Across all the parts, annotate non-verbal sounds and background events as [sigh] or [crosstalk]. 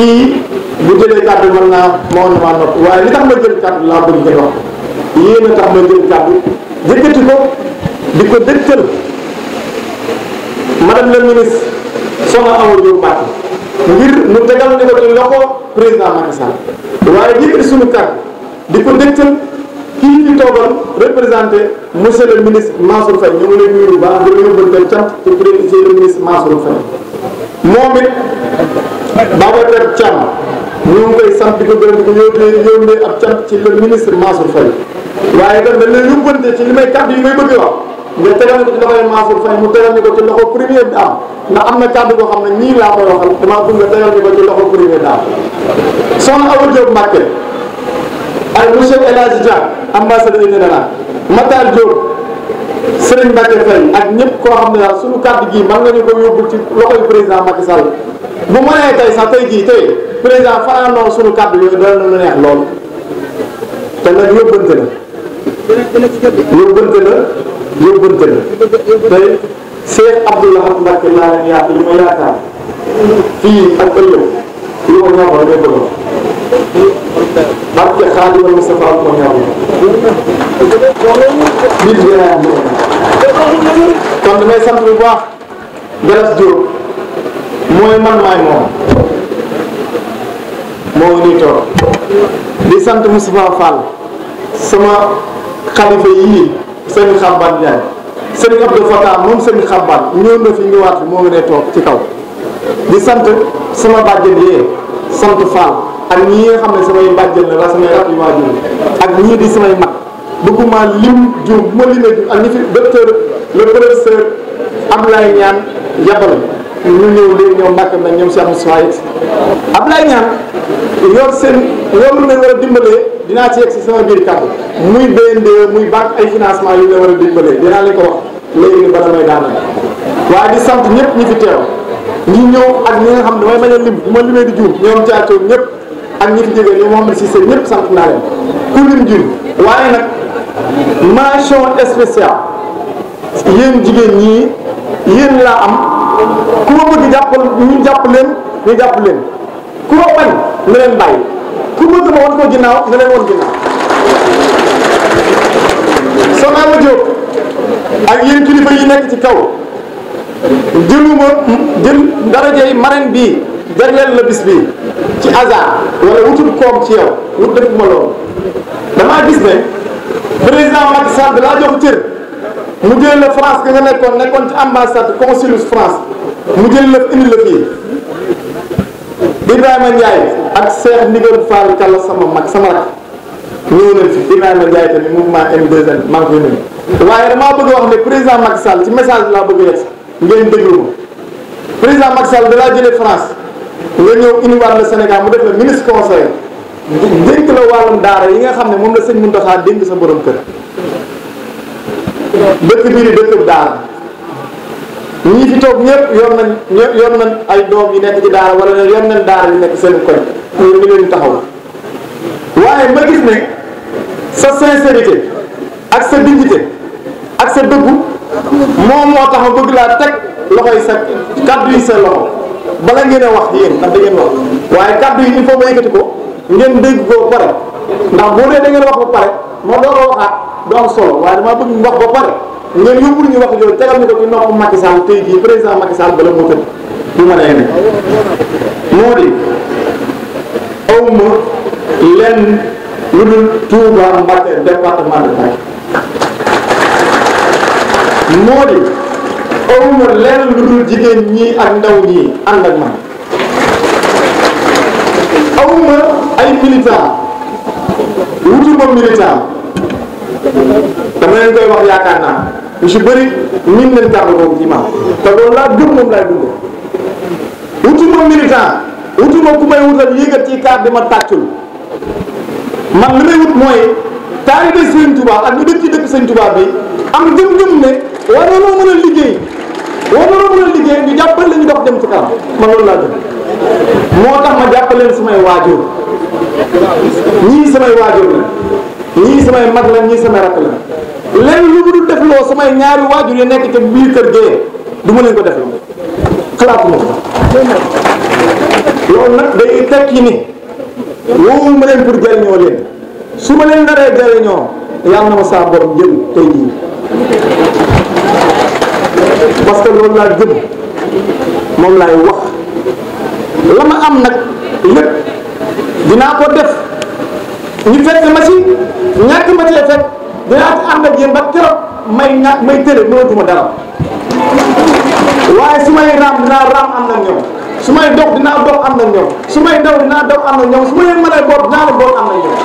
kii bu jëlee kàddu mën naa moo ne maa nopp waaye li tax ma jël kàddu laa bëgg ngeen wax yéen a tax ma jël kàddu yëkkati ko di ko dëgtal madame la ministre Soxna Awa Diop Mbacké ngir mu tegal ni ko ci loxo président Macky Sall waaye yëkkati suñu kàddu di ko dëgtal kii fi toogal représenté monsieur le ministre Mansour Faye ñu ngi leen nuyu bu baax di leen yóbbante cant te président le ministre Mansour Faye moom it Babacar Thiam ñu ngi koy sant di ko gërëm di ko yónnee yónnee ab cant ci le ministre Mansour Faye waaye itam dañ lay yóbbante ci li may kàddu yi may bëgg wax nga tegal ñu ko ci loxoy mu tegal ñu ko ci loxo premier dame ndax am na kàddu boo xam ne laa koy waxal damaa bëgg nga tegal ñu ko ci loxo premier dame soxna Awa Diop Mbacké ay monsieur El Hadji Dia ambassadeur général Matar Diop Serigne Mbacke Faye ak ñëpp koo xam ne daal suñu kàddu gii mën nga ñu ko yóbbul ci loxoy président Macky Sall bu mënee kàddu yooyu doon na lu neex lool te nag yóbbante la yóbbante la yóbbante la tey Cheikh Abdou Lahad Mbacke laa leen yaatu li ma yaakaar fii ak ëllëg li ma ñoxoon day bëgg Mbacke Xaadimal Moustapha ko ñaaw kon damay sant bu baax Galas Diop mooy man maay moom moo ngi nii toog di sant Moustapha Fall sama xalifa yii sëñ Xamban Ndiaye sëñ Abdou Fatah moom sëñ Xamban ñëw na fi ñëwaat fi moo ngi ne toog ci kaw di sant sama bàjjen yee sant Fall ak ñi nga xam ne samay bàjjen la la samay rakk yu waajur ak ñii di samay mag bëgguma lim juum bu ma limee ak ñi fi docteur le professeur Ablaye Niane yabal ñu ñëw léegi ñoom Mbacke nañ ñoom si Moussa it Ablaye Niane yor seen loolu lañ war a dimbalee dinaa ci yegg si sama biir kàddu muy BNDE muy banque ay financement yu la war a dimbalee dinaa leen ko wax léegi ni di sant ñëpp ñi fi teew ñi ñëw ak ñi nga xam ne damay bañ lim bu limee di juum ñoom caacoo ñëpp ak ñi fi jógee ñoom Mouhamed Cissé ñëpp sant naa leen ku lim juum waaye nag mention spéciale yéen jigéen ñii yéen laa am ku ma bëgg jàppal ñu jàpp leen jàpp leen ku ma bañ na leen bàyyi ku bëgg ma wan ko ginnaaw na leen wan ginnaaw soxna la Diop ak yéen kilifa yi nekk ci kaw jëluma jël darajey marraine bii jagleel la bis bii ci hasard wala wutul koom ci yow wut defuma loolu damaa gis ne président Macky Sall laa jox cër mu jël la France ga nga nekkoon nekkoon ci ambassade consulat France mu jël la indi la fii Ibrahima Ndiaye ak Cheikh Ndigal Fall Kalla sama mag sama rak ñëw nañ fi Ibrahima Ndiaye tamit mouvement M2N maa ngi koy nuyu waaye damaa bëgg wax ne président Macky Sall ci message laa bëgg yegg ngeen déglu ma président Macky Sall dalaa France nga ñëw indiwaat la Sénégal mu def la ministre conseil dénk la wàllum daara yi nga xam ne moom la sëñ Mountakha dénk sa borom kër. dëkk bii di dëkkub daara ñii fi toog ñëpp yor nañ ñëpp yor nañ ay doom yu nekk ci daara wala yor nañ daara yu nekk seen koñ ñu ngi leen taxaw waaye ma gis ne sa sincérité ak sa dignité ak sa dëggu moom moo tax ma bëgg laa teg loxo yi sa kàddu yi sa loxo bala ngeen a wax ci yéen ndax da ngeen wax waaye kaddu yi il faut ma ko ngeen dégg ko pare ndax boo dee da wax ba pare ma doog a waxaat du solo waaye damaa bëgg ñu ba pare ngeen yóbbul ñu wax yooyu tegal ñu ko ci nopp Macky Sall tey jii président Macky Sall bala moo tëdd du mën a yéene moo di awma lenn lu dul Touba Mbacké département de Mbacké moo di awma lenn lu dul jigéen ñi ak ndaw ñi ànd ak man awma ay militant wutuma militant dama leen koy wax yaakaar naa lu si bëri miin leen kàddu boobu ci imaam te loolu laa gëm moom laay dund wutuma militant wutuma ku may wutal yëgat ci kàddu di ma tàccul man li may wut mooy taalibe Sëriñ Tuubaa ak ñu dëkk ci dëkk Sëriñ tubaab bi am gëm-gëm ne war na loo mën a liggéey war na loo mën a liggéey ñu jàppale ñu dox dem ci kanam man loolu laa gëm moo tax ma jàppaleen samay waajur ñii samay waajur la ñii samay mag la ñii samay rakk la léegi lu mu dul defloo samay ñaari waajur yi nekk ca biir kër gee du ma leen ko defloo xalaatuma ko loolu nag day tekki ni woowu ma leen pour jariñoo leen su ma leen naree jariñoo yàlla na ma saa borom jël tey jii parce que loolu laa gëm moom laay wax la ma am nag lépp dinaa ko def ñu fekk ma si ñàkk ma cee fekk dinaa ci ànd ak yéen ba keroog may ñàkk may tële mënatuma dara waaye su may raam dinaa raam am na ñoom su may dox dinaa dox am na ñoom su may daw dinaa daw am na ñoom su ma leen mën a boot dinaa la boot am na ñoom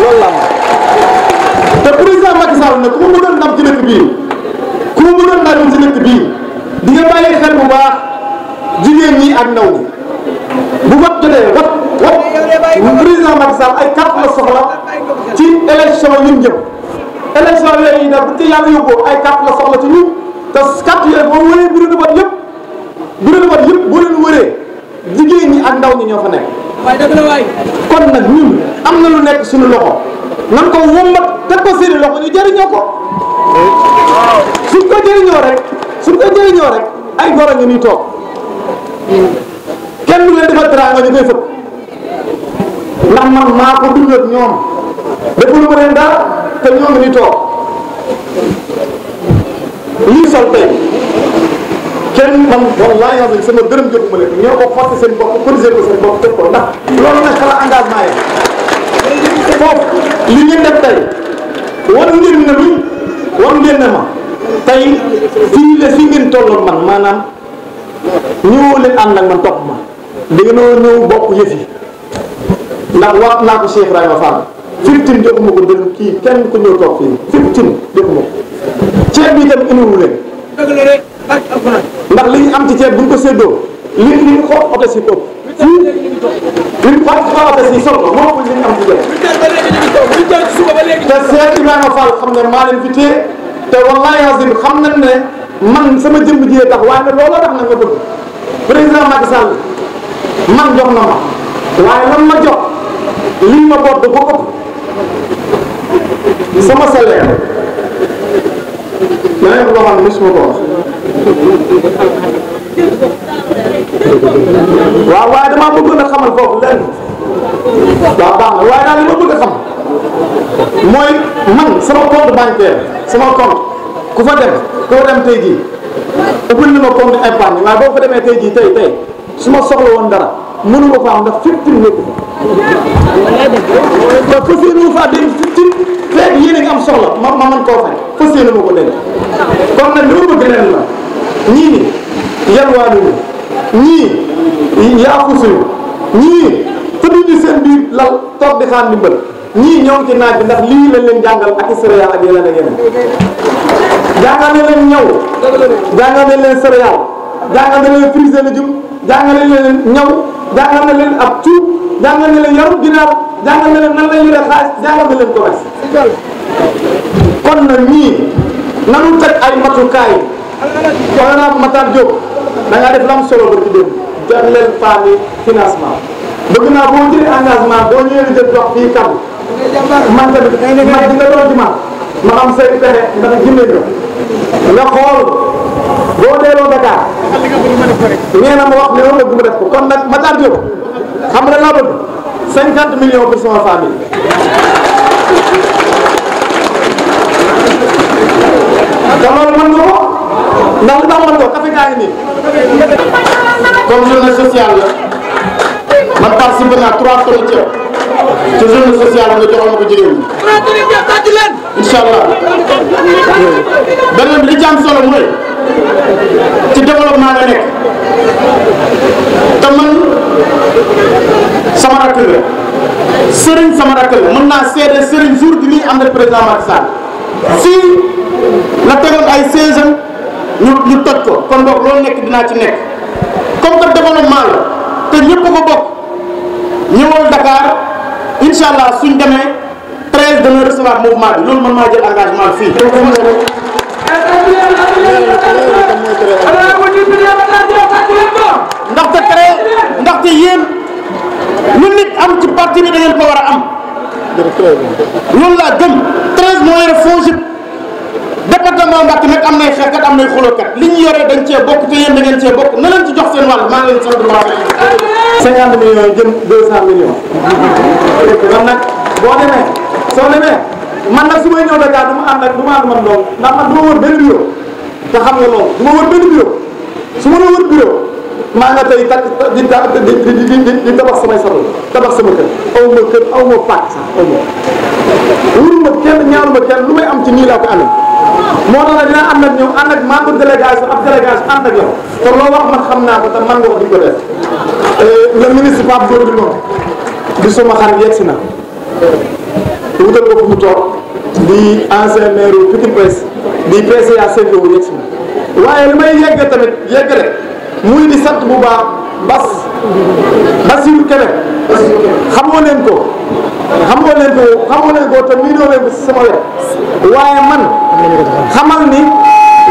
loolu la am te président Macky Sall nag ku mu mënoon ndam ci dëkk bii ku mu mënoon ndam ci dëkk bii di nga bàyyi xel bu baax jigéen ñi ak ndaw bu wat jotee wat président Macky Sall ay carte la soxla ci élection yi ñu jëm élection yooyu nag bu ci yàlla yóbboo ay carte la soxla ci ñun te carte yooyu boo wëree bureau de vote yëpp bureau de yëpp boo leen wëree jigéen ñi ak ndaw ñi ñoo fa nekk. waaye dëgg la waay. kon nag ñun am na lu nekk suñu loxo nan ko wommat teg ko seeni loxo ñu jëriñoo ko suñ ko jëriñoo rek suñ ko jëriñoo rek ay goro ñu ni toog kenn du leen defal teraanga ñu koy fëpp. na man maa ko dund ak ñoom defulu ma leen dara te ñoom ni toog lii sol tey kenn man wallahi yàlla sama dërëm jotuma leen ñoo ko forcé seen bopp cotiser ko seen bopp teg ko ndax loolu nag xala engagement yi foofu li ngeen def tey war ngeen ne mi war ngeen ne ma tey fii la fi ngeen man maanaam ñëwoo leen ànd man topp ma da ngeen ñëw bokk yëf yi ndax waat naa ko Cheikh Ibrahima Fall fiftin joxuma ko dërëm kii kenn ku ñëw toog fii fiftin joxuma ko ceeb bi itam indiwu leen ndax li am ci ceeb bu ñu ko séddoo li li ñu xoo oto si ëpp li ñu oto si solo ko li ñu am ci ceeb te Cheikh Ibrahima Fall xam ne maa fi téye te wallahi azim xam ne man sama jëmm jiyee tax waaye nag looloo tax na nga bëgg président Macky man jox na ma waaye lan ma jox liñ ma boot dafa ëpp sama salaire maa ngi ko waxal mosuma ko wax waaw waaye damaa bëggoon a xamal foofu lenn waaw baax na waaye daal li ma bëgg a xam mooy man sama compte bancaire sama compte ku fa dem ku fa dem tey jii ubbil na ma compte épargne waaye boo fa demee tey jii tey tey su ma soxla woon dara mënu ma fa am ndax fépp nekku fa te fas yéene wu faa denc ci fekk yéen a ngi am soxla ma ma mën koo fay fas yéene ma ko denc kon nag li ma bëgg ren la ñii yalwaanuñu ñii yaakusuñu ñii tëdduñu seen biir lal toog di xaar ndimbal ñii ñëw ci naaj bi ndax lii lañ leen jàngal ak céréales ak yeneen ak yeneen jàngal na leen ñaw jàngal na leen céréales jàngal na leen frise légume jàngal na leen ñaw jàngal na leen ab cuub jàngal na leen yarum ginnaaw jàngal na leen nan lay yore xaalis jàngal na leen commerce. kon na ñii nanu teg ay matukaay wax naa ko Matar Diop da ngaa def lam solo ba ci dem jot leen femme yi financement bëgg naa boo jëlee engagement boo ñëwee di jël dox fii kam man tamit man di nga doon ci ma ma am say pexe ndax jëndee nga xool. boo delloo Dakar nee na ma wax ne ma bëgg mu def ko kon nag Matar Diop xam nga laa bëgg cinquante millions pour sama famille. te loolu mën nga ko ndax li tax mën nga ko café gaa ngi nii. comme journée sociale la man participé naa trois tonnes ceeb te journée sociale nga joxoon ko jigéen ñi. incha allah beneen bi li ci am solo mooy. ci développement la nekk te man sama rakk la sëriñ sama rakk la mën naa seede sëriñ jour bi muy am ak président Macky Sall fii la tegoon ay saison ñu ñu toj ko kon boog loolu nekk dinaa ci nekk comme que développement la te ñëpp ko bokk ñëwal Dakar incha allah suñ demee 13 dana recevoir mouvement bi loolu man maa jël engagement fii. ndaxte créé ndaxte yéen lu nit am ci parti bi da ngeen ko war a am. loolu laa gëm 13 moo yore FONGIP département Mbacké nag am nay xeexkat am nay xulóokat li ñu yore dañ cee bokk te yéen da ngeen cee bokk na leen ci jox seen wàll maa ngi leen sant bu baax. 50 millions jëm 200 millions. dégg nga nag boo demee soo demee man nag su may ñëw Dakar du ma ànd ak du ma ànd man lool ndax man du ma wër benn bureau. te xam nga loolu du ma wër benn bureau su ma la wër bureau maa nga tey takk di di di tabax samay sabal tabax sama kër aw ma kër aw ma pàcc sax aw ma wuruma kenn ñaaruma kenn lu may am ci nii laa ko amee moo tax nag dinaa am ak ñoom ànd ak membre délégation ab délégation ànd ak yow kon loo xam naa ko te man nga ko duñ ko def eh, le ministre Pape Diop bi moom di suma xarit yegg si na wutal ko fu di ancien maire wu Pikine Ouest di PCA Senghor yegg si waaye li may yegg tamit yegg rek muy di sant bu baax Bas Basiru Kebe xamoo leen ko xamoo leen ko xamoo leen ko te miinoo leen bu si sama wet waaye man xamal ni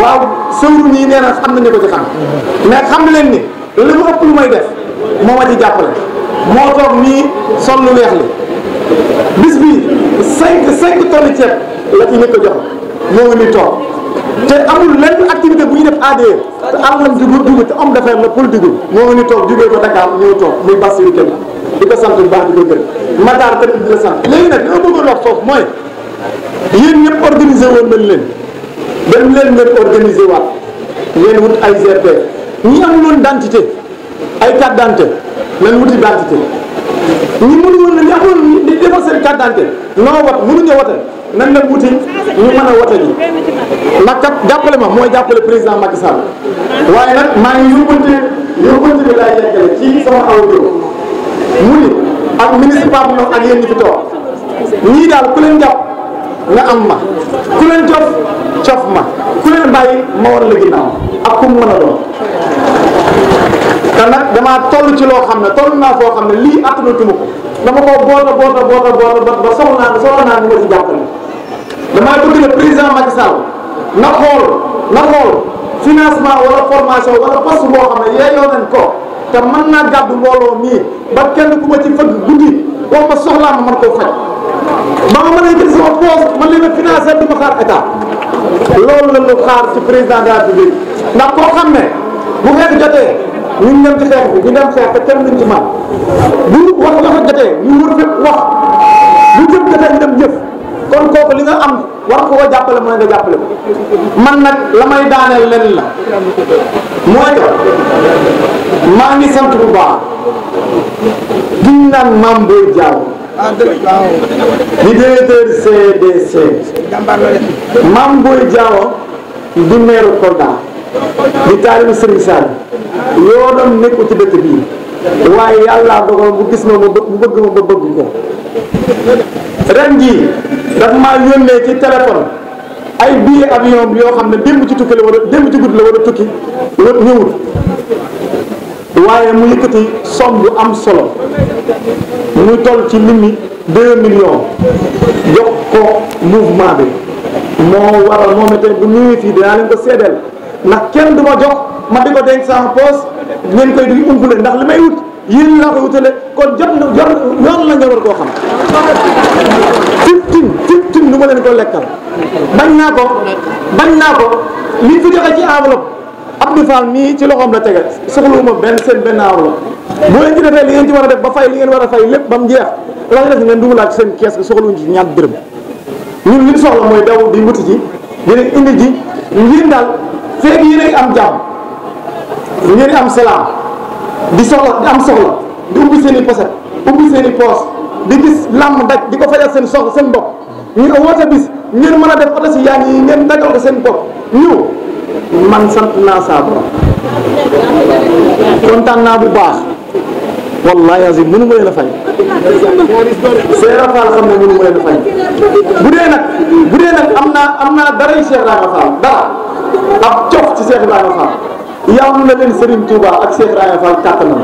waaw sëwru nii nee na xam nañu ko ci xam mais xam leen ni li mu ëpp lu may def moo ma ci jàppale moo toog nii sol lu weex li bis bi cinq cinq tonnes ceeb la ci ñëkk a jox moo ngi ni toog te amul lenn activité bu ñu def ADE te àllam dugub dugub te homme d'affaires la politique moo ngi ni toog jógee ko Dakar ñëw toog muy Bassirou Kébé di ko sant bu baax di ko gërëm Matar tamit di la sant léegi nag li ma bëggoon wax foofu mooy yéen ñëpp organisé woon nañ leen dem leen ngeen organisé waat ngeen wut ay GP ñi amuloon identité ay carte d'identité nañ wuti identité ñi mënu woon na ñax woon di defar seen carte d'identité noo wat mënuñoo wote nan la wuti ñu mën a wote ji jàppale ma mooy jàppale président Macky Sall waaye nag maa ngi yóbbante yóbbante bi laay yeggale ci sama aw jëw mu ni ak ministre Pape Ndong ak yéen ñi fi toog ñii daal ku leen jàpp nga am ma ku leen cof cof ma ku leen bàyyi ma war la ginnaaw ak ku mu a doon damaa toll ci loo xam ne toll naa foo xam ne lii attanatuma ko dama koo boota boota boota boota ba soxla naa soxla naa ñu ma ci jàppale damaa bëgg ne président Macky Sall na xool na xool financement wala formation wala poste boo xam ne yeeyoo nañ ko te mën naa gàddu mbooloo mii ba kenn ku ma ci fëgg guddi boo ma soxlaa ma mën koo faj ba ma mën a jël sama poos man li ma financé du xaar état loolu la ñu xaar ci président de la République koo xam ne bu xeex jotee ñu ngi dem ci xeex bi ñu dem xeex te kenn duñ ci man bu wax wax jotee ñu wër fépp wax lu jëm jotee ñu dem jëf kon kooku li nga am war ko ko jàppale mooy nga jàppale man la may daaneel len la mooy maa ngi sant bu baax diñ naan maam booy jaaw di directeur CDC maam booy jaaw di meeru Kolda di taalibu Serigne Sall yoonam nekkul ci dëkk bii waaye yàllaa dogal mu gis ma mu bëgg ma ba bëgg ko ren jii daf maa yónnee ci téléphone ay billet avion yoo xam ne démb ci tukki la war a démb ci guddi la war a tukki ñëwul waaye mu yëkkati somme bu am solo muy toll ci limite deux millions jox ko mouvement bi moo waral moom itam bu ñëwee fii dinaa leen ko seedeel ndax kenn du jox ma di ko denc sama poos ngeen koy di umpule ndax li may wut yéen laa koy wutale kon jot na jot yoon la nga war koo xam tim tim tim tim lu ma leen ko lekkal bañ naa ko bañ naa ko lii fi joxe ci enveloppe Abdou Fall mii ci loxoom la tege soxluwuma benn seen benn enveloppe boo leen ci defee li ngeen ci war a def ba fay li ngeen war a fay lépp ba mu jeex la def ngeen dugalaat seen kees gi soxluwuñ ci ñaar dërëm ñun li soxla mooy daw di wuti ji dinañ indi ji ngeen daal feeg yéen ngeen am salaam di soxla di am soxla di ubbi seen i poset ubbi na i poos di gis làmb daj di ko fajal seen soxla seen bopp ñu woote bis ngeen mën a def oto si yaan yi ngeen seen bopp ñëw man sant naa saa borom naa bu baax wallahi azim mënu ma leen a fay Seera Fall xam ne mënu ma leen a fay bu dee nag bu dee nag am naa am naa daray Cheikh Ibrahima Fall dara ab cof ci Cheikh Ibrahima Fall yàlla ne leen Serigne Touba ak Cheikh Ibrahima Fall kàttanam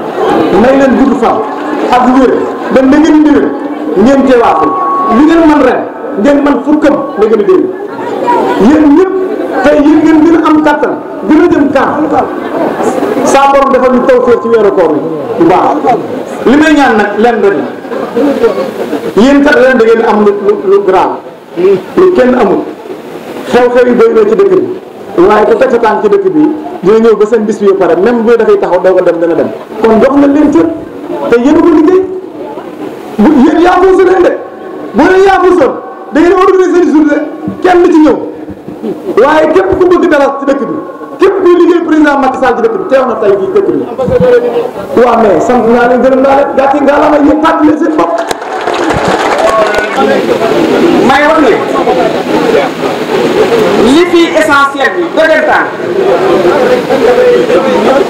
may leen gudd fan ak wér ba na ngeen déwén ngeen teewaatul li ngeen man ren ngeen man fukkam na ngeen a déwén yéen ñëpp tey yéen ngeen gën am kàttan gën a jëm kanam saa dafa ñu taw fee ci weeru koor bi bu baax li may ñaan nag leen rek yéen kat ren da am lu lu lu kenn amul xew-xew yi doy na ci waaye ku teg sa tànk ci dëkk bi dina ñëw ba seen bis bi pare même dafay taxaw doo ko dem dana dem kon jox na leen cër te yéen ko liggéey bu yéen yaa foo sëleen de boo leen yaa foo sën da ngeen organiser ci ñëw waaye képp ku bëgg dara ci dëkk bi képp kuy liggéey président Macky Sall ci dëkk bi teew na tey jii dëkk bi waaw mais sant naa leen gërëm naa leen gàcce ngaa la ma yéen leen seen bopp maa ngi wax défi essentiel bi dëggantaan Pape Ndaw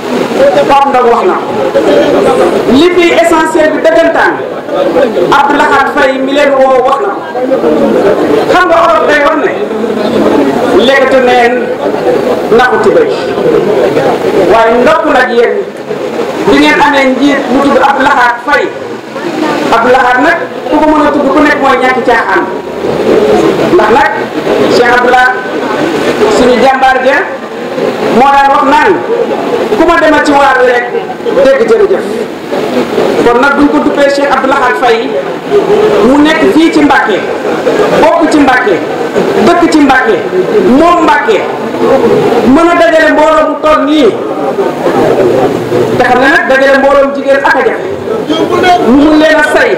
li fi essentiel bi dëggantaan Abdou Lahad mi leen woo wax na xam nga Europe day wax ne lekkatu neen naku tibay waaye ndokk nag yéen di ngeen amee njiit mu tudd Abdou Lahad Faye nag ku ko mën a tudd ku nekk mooy ñàkki caaxaan ndax nag Cheikh Abdou suñu jàmbaar ja moo daan wax naan ku ma demal ci waar wi rek dégg jërëjëf kon nag buñ ko duppee Cheikh Abdou Lahad mu nekk fii ci Mbàkke bokk ci Mbàkke dëkk ci Mbàkke moom Mbàkke mën a dajale mbooloo bu nii te xam ne nag dajale mbooloom jigéen ak a jafe mu mun leen a say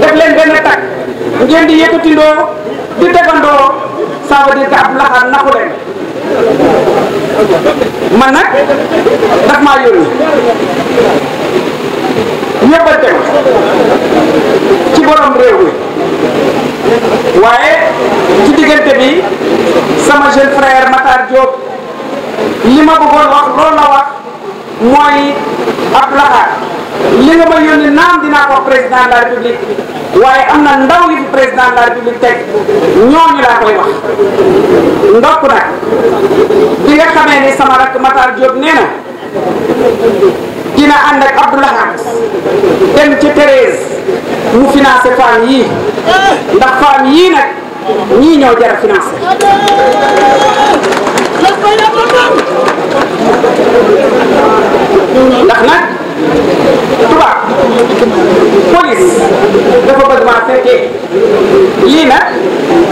def leen benn tàkk ngeen di yëkkatindoo di tegandoo ça veut dire que Abdou Lahad naxu leen daf maa yónni ñëpp a teg ci borom réew mi waaye ci diggante bi sama jeune frère Matar Diop li ma bëggoon wax wax mooy Abdou li nga ma yónni naan dinaa ko président la république waaye am na ndaw yi fi président de la république teg ñooñu laa koy wax ndokk nag bi nga xamee ni sama rakk Matar Diop nee na dina ànd ak Abdoulahat dem ci Thérèse mu financé femme yii ndax femme yii nag ñii ñoo jar a financé ndax nag tubaab police dafa bëgg maa fekkee lii nag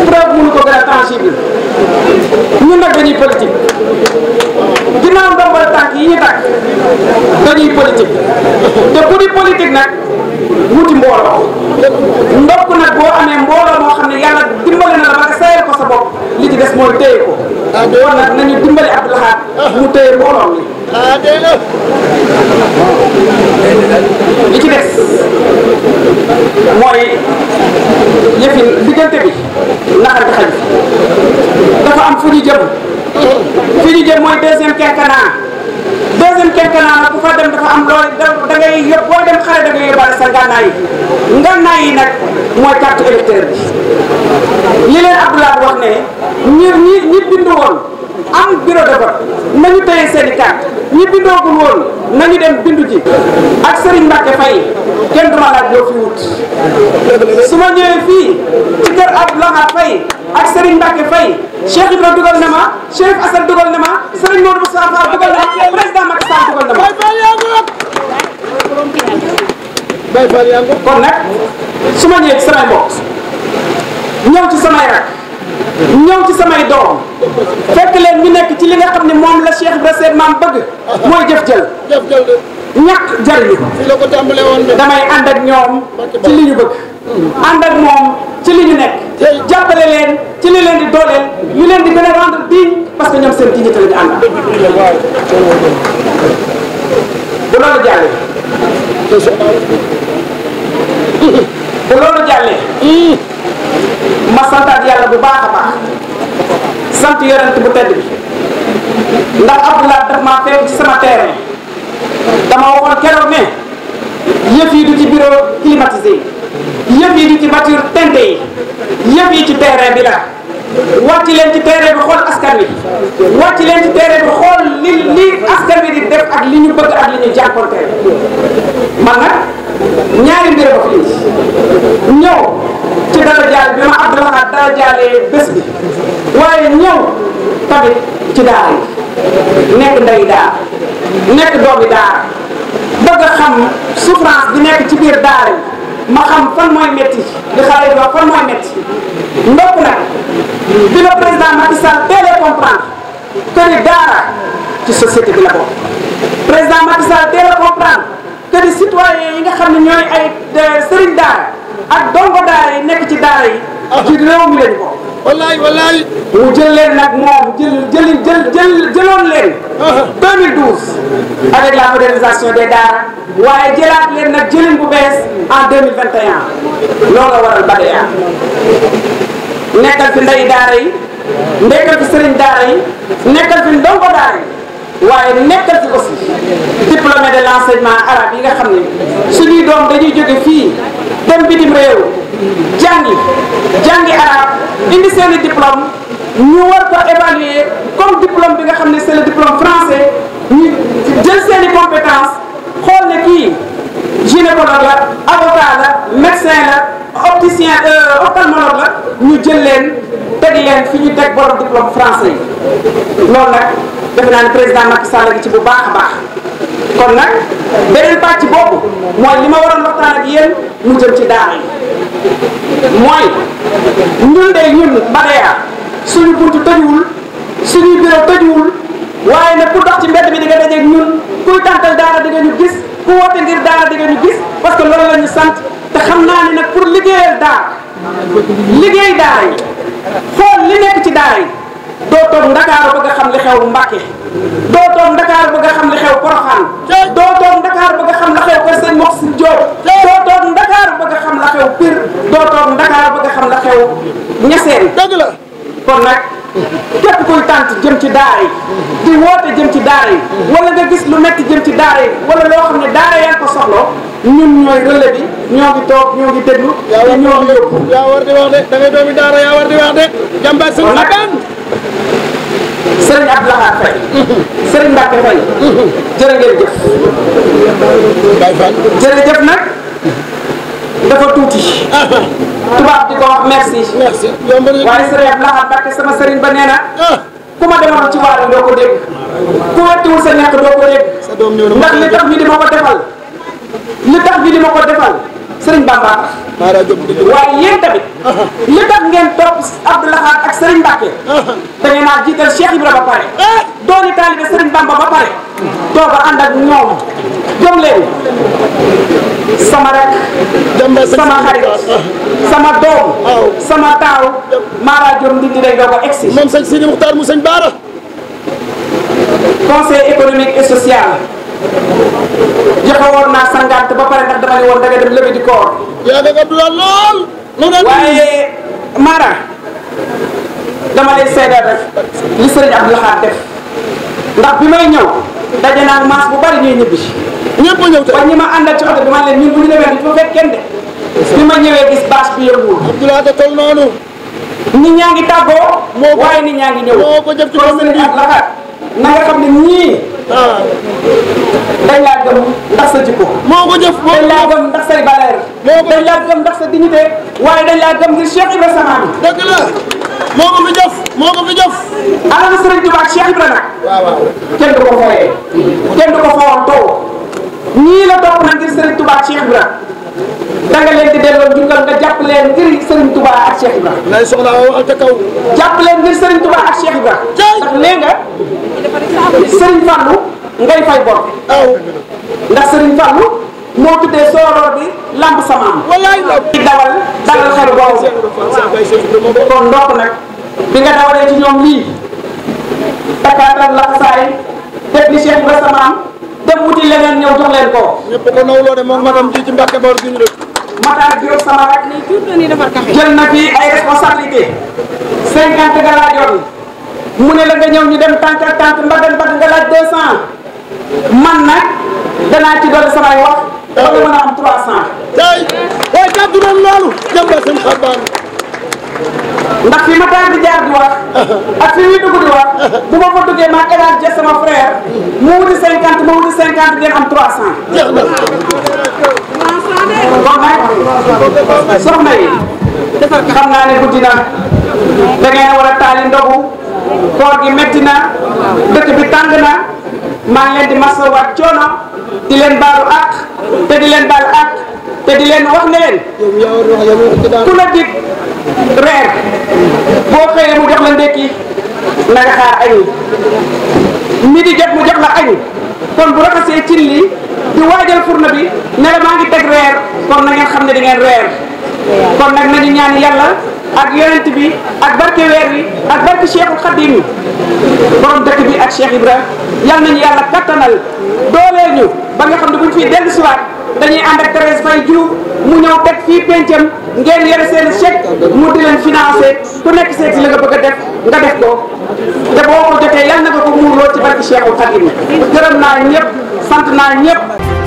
preuve mënu ko gën a tangible ñun nag dañuy politique ginnaaw ndombal tànk yi ñu tàkk dañuy politique te bu di politique nag wuti mbooloo ndokk nag boo amee mbooloo moo xam ne yàlla dimbali na la ba nga seeyal ko sa bopp li ci des mooy téye ko woon nag nañu dimbali Abdou Lahad mu téye mbooloo mi li ci des mooy yëfi diggante bi naqar bi xaj dafa am fu ñu jëm fu ñu jëm mooy deuxième quinquennat deuxième quinquennat nag ku fa dem dafa am loolu da ngay yób dem xare da ngay yóbbaale sa ngànnaay ngànnaay nag mooy carte électeur bi li leen Abdoulaye wax ne ñi ñi ñi bindu woon am bureau de vote nañu téye seen i carte ñi bindoogul woon nañu dem bindu ji ak Serigne Mbacke Faye kenn du ma fi wut su ma ñëwee fii ci kër Abdou Lahad Faye ak Serigne Mbacke Faye Cheikh Ibra dugal na ma Cheikh Assane dugal na ma Serigne Modou Moustapha Fall dugal na ma président Macky Sall dugal na ma kon nag su ma ñëwee ci samay mbokk ñëw ci samay rak ñëw ci samay doom fekk leen ñu nekk ci li nga xam ne moom la Cheikh Ibra Sène maam bëgg mooy jëf jël ñàkk jariñu damay ànd ak ñoom ci li ñu bëgg ànd ak moom ci li ñu nekk jàppale leen ci li leen di dooleel li leen di gën a rendre digne parce que ñoom seen dignité la ñu ànd bu loolu jàllee hmm. ma santaat yàlla bu baax a baax sant yonent bu tedd bi ndax Abdoulaye daf maa fekk ci sama terrain dama waxoon keroog ne yëf yi du ci bureau climatisé yi yëf yi du ci voiture tente yi yi ci terrain bi la wàcc leen ci terrain bi xool askan wi wàcc leen ci terrain bi xool li li askan def ak li ñu bëgg ak li ñu jànkonteel man nag ñaari mbir ba fi ñëw ci dara jaal bi ma Abdou dara jaalee bés bi waaye ñëw tamit ci daara yi nekk ndey daara nekk doomi daara bëgg xam souffrance bi nekk ci biir daara yi ma xam fan mooy métti li xale yi wax fan mooy métti ndokk nag bi le président Macky Sall teelee comprendre que ni daara ci société bi la bokk président Macky Sall teel a comprendre yi nga xam ne ñooy ay sëriñ daara ak dongo daara yi nekk ci daara yi. ci réew mi lañ ko. wallaay wallaay. mu jël leen nag moom jël jël jël jëloon leen. 2012. Uh-huh. avec la modernisation des daara. waaye jëlaat leen nag jëlin bu bees en 2021. loolu la waral Badeya. nekkal fi ndey daara yi. nekkal fi sëriñ daara yi. nekkal fi ndongo daara yi. waaye nekkal fi aussi diplômé de l'enseignement arabe yi nga xam ne suñuy doom dañuy jóge fii dem bitim réew jàngi jàngi arabe indi seen i diplôme ñu war ko comme diplôme bi nga xam ne c'est le diplôme français ñu jël seen i compétence xool ne kii gynécologue la avocat la opticien euh, ophtalmologue la ñu jël leen teg leen fi ñu teg borom diplôme français yi loolu nag defe naa ne président Macky Sall gi ci bu baax a baax kon nag beneen pàcc boobu mooy li ma waroon waxtaan ak yéen mu jëm ci daara yi mooy ñun de ñun Madea suñu buntu tëjuwul suñuy bureau tëjuwul waaye nag ku dox ci mbedd mi di nga dajeeg ñun kuy tàntal daara di nga ñu gis ku woote ngir daara di nga ñu gis parce que loolu la ñu sant te xam naa ne nag pour liggéeyal daara liggéey daara yi xool li nekk ci daara yi doo toog Ndakaaru bëgg a xam li xew Mbàkke doo toog Ndakaaru bëgg a xam li xew Poroxaan doo toog Ndakaaru bëgg a xam la xew Kër Sëñ Moxsin Diop doo toog Ndakaaru bëgg a xam la xew Pire doo toog Ndakaaru bëgg a xam la xew Ñaseen dëgg la kon nag képp kuy tànt jëm ci daara yi di woote jëm ci daara yi wala nga gis lu metti jëm ci daara yi wala loo xam ne daara yaa ko soxloo ñun ñooy relais bi ñoo ngi toog ñoo ngi déglu yaa war di wax de da ngay doomi daara yaa war di wax de jàmbaar suñu nakaan Sëriñ Abdou Lahad Faye Sëriñ Mbacke Faye jërë ngeen jëf jërëjëf nag dafa tuuti. [laughs] tubaab di ko wax merci. merci yomb nañu waaye sëriñ Abdou sama sëriñ ba nee na. Ah. ku ma demoon ci waaram doo ko dégg. ku wettiwul sa ñàkk doo ko dégg. sa doom ñëw na ndax li tax ñu di ma ko defal. li tax ñu di ma ko defal sëriñ Bamba. waaye yéen tamit. Ah. li tax ngeen topp Abdou Lahad ak sëriñ Mbacké. Ah. da ngeen a jiital Cheikh Ibra ba pare. dooni taalibe sëriñ Bamba ba pare. doo ko ànd ak ñoom. jom leen. sama rak sama xarit sama doom sama taaw Mara Diop nit ñi day doog a moom sëñ Sidi Muxtaar mu Baara. conseil économique et social. joxe woon naa sangant ba pare ndax dama ne woon danga dem lëbi di koor. yaa ngi dëgg lool. mu ne dama lay seedeel rek li sëriñ Abdou Lahad ndax bi may ñëw. daje naa maas bu bari ñuy ñibbi si. ñëpp ñëw tey ba ñi ma àndal ci oto bi ma leen ñun bu ñu demee dañu fa fekk kenn de. bi ma ñëwee gis bâche bi yënguwul. Abdoulaye da toll noonu. nit ñaa ngi tàggoo. moo ko waaye nit ñaa ngi jëf ci commune bi na nga xam ne ñii. Ah. dañ laa gëm ndax sa jikko. moo ko jëf moo ko dañ laa gëm ndax say valeur. moo ko dañ laa gëm ndax sa dignité. waaye dañ laa gëm ngir Cheikh Ibrahima. dëgg la. moo ko fi jëf moo ko fi jëf. alal Sëriñ Tuubaa ak Cheikh Ibrahima. waaw waaw kenn du ko fooyee. kenn du ko foowoon taw. la topp na ngir Sëriñ Tuubaa ak Cheikh Ibrahima. da nga leen di delloo njukkal nga jàpp leen ngir Sëriñ Tuubaa ak Cheikh Ibrahima. nay soxla woo ca kaw. jàpp leen ngir Sëriñ Tuubaa ak Cheikh Ibrahima. ndax nee nga Sëriñ Fallou ngay fay bor. ndax Sëriñ Fallou. moo tuddee sooroo bi lamb samaam. wallaay di dawal dalal xel boobu. kon ndox nag bi nga dawalee ci ñoom lii takkaatal laxasaay technicien bu la samaam dem wuti leneen ñëw jox leen ko. ñëpp ko nawloo de moom madame ji ci Mbàkke Bawol gi ñu dëkk. Matar Diop sama rek jël na fi ay responsabilité cinquante nga laa jot mu ne la nga ñëw ñu dem tànk ak tànk mbagg mbagg nga laaj deux cent man nag danaa ci dolli samay wax. dama mën a am 300. tey waaye gàddu doon loolu jëm la seen xabaar. ndax fi ma daal di jaar di wax [laughs] ak fi ñuy dugg di wax [laughs] bu ma fa duggee maa élargir sama frère mu wuti 50 ma wuti 50 ngeen am 300. jeex na. kon nag soxna yi xam naa ne guddi na da ngeen war a taali ndogu koor gi métti na dëkk bi tàng na. maa ngi leen di masawaat coono di leen baalu àq te di leen baal àq te di leen wax ne leen ku la reer boo xëyee mu jox la ndékki na nga xaar añi mi di jot mu jox la añi kon bu raxasee cin li di waajal furna bi ne la maa ngi teg reer kon na ngeen xam ne di ngeen reer kon nag nañu ñaan yàlla ak yonent bi ak barke weer wi ak barke Cheikhul Khadim yi borom dëkk bi ak Cheikh Ibra yal nañu yàlla kattanal dooleel ñu ba nga xam ne buñ fiy siwaat dañuy ànd ak Thérèse Faye Diouf mu ñëw teg fii pencam ngeen yore seen chèque mu di leen financé ku nekk seet si nga a def nga ko te boo ko jotee yal nga ko muurloo ci barke Cheikhul Khadim gërëm naa ñëpp sant naa ñëpp